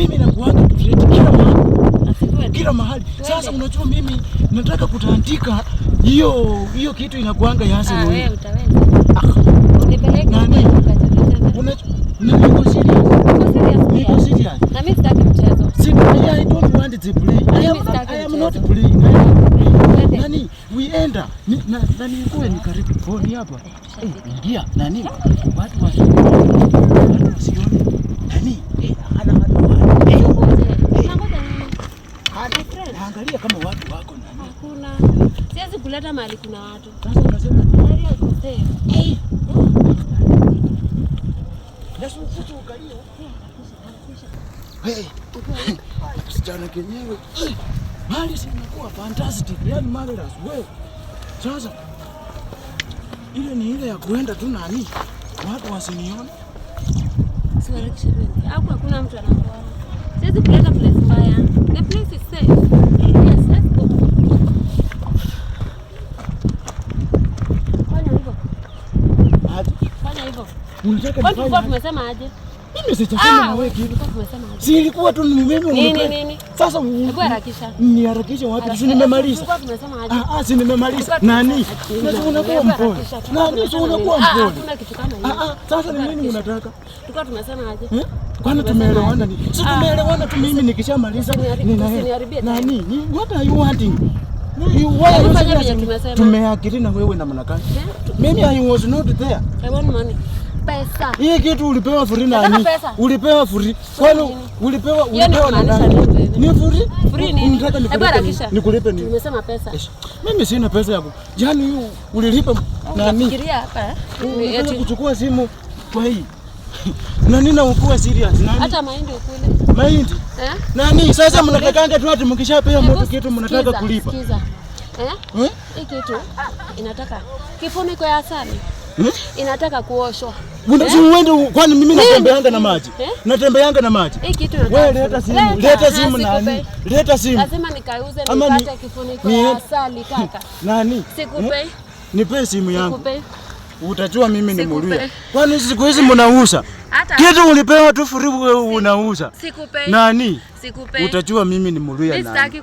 mimi nakuanga kila mahali, ah, kila mahali. Sasa unajua mimi nataka kutandika hiyo hiyo kitu inakuanga yasi ah, wewe ah. nani wienda nani ni karibu hapa eh, eh, ingia nani watu wasione Angalia kama watu wako na hakuna. Siwezi kuleta mali kuna watu. Sasa unasema mali haikosei. Eh. Yesu mfutu ukalia. Hey. Eh. Kijana kenyewe. Eh. Mali sinakuwa fantastic. Yaani marvelous wewe. Sasa ile ni ile ya kuenda tu nani? Watu wasinione. Siwarekishe. Hapo hakuna mtu anakuona. Siwezi kuleta place mbaya. The place is safe. Si ilikuwa tu ni mimi Sasa hebu wapi? Si nimemaliza. Ah, ah, si nimemaliza. Nani? Na unakuwa mpole. Nani? Si unakuwa ah, mpole. sasa ni nini unataka? Tulikuwa tumesema aje? Eh? Kwani tumeelewana ni? Si ah. tumeelewana tu mimi nikishamaliza ninaharibia. Nani? What are you wanting? You yaani tumeakiri na wewe namna gani? Eh? Mimi I was not there. I want money. Pesa. Hii kitu ulipewa free nani? Ulipewa free. Kwani ulipewa ulipewa na nani? Ni free? Free nini? Nataka nikulipe. Nikulipe nini? Nimesema pesa. Mimi sina pesa yako. Jana yaani, ulilipa nani? Nafikiria hapa. Eh? Kuchukua simu kwa hii. Nani na ukuwa serious? Nani? Hata mahindi ukule. Mahindi? Eh? Nani? Sasa mnatakanga tu ati mkishapea mtu kitu mnataka kulipa. Sikiza. Eh? Eh? Hii kitu inataka kifuniko ya asali. Eh? Inataka kuoshwa. Mbona eh? si uende kwani mimi natembeanga na maji? Eh? Natembeanga na maji. Hii kitu inataka. Wewe leta simu, leta simu nani? Leta simu. Lazima nikauze nipate kifuniko ya asali kaka. Nani? Sikupei. Hmm? Nipe simu yangu. Sikupei utajua mimi ni Mluya. Kwani siku hizi mnauza kitu ulipewa tu free, unauza nani? Utajua mimi ni Mluya nani.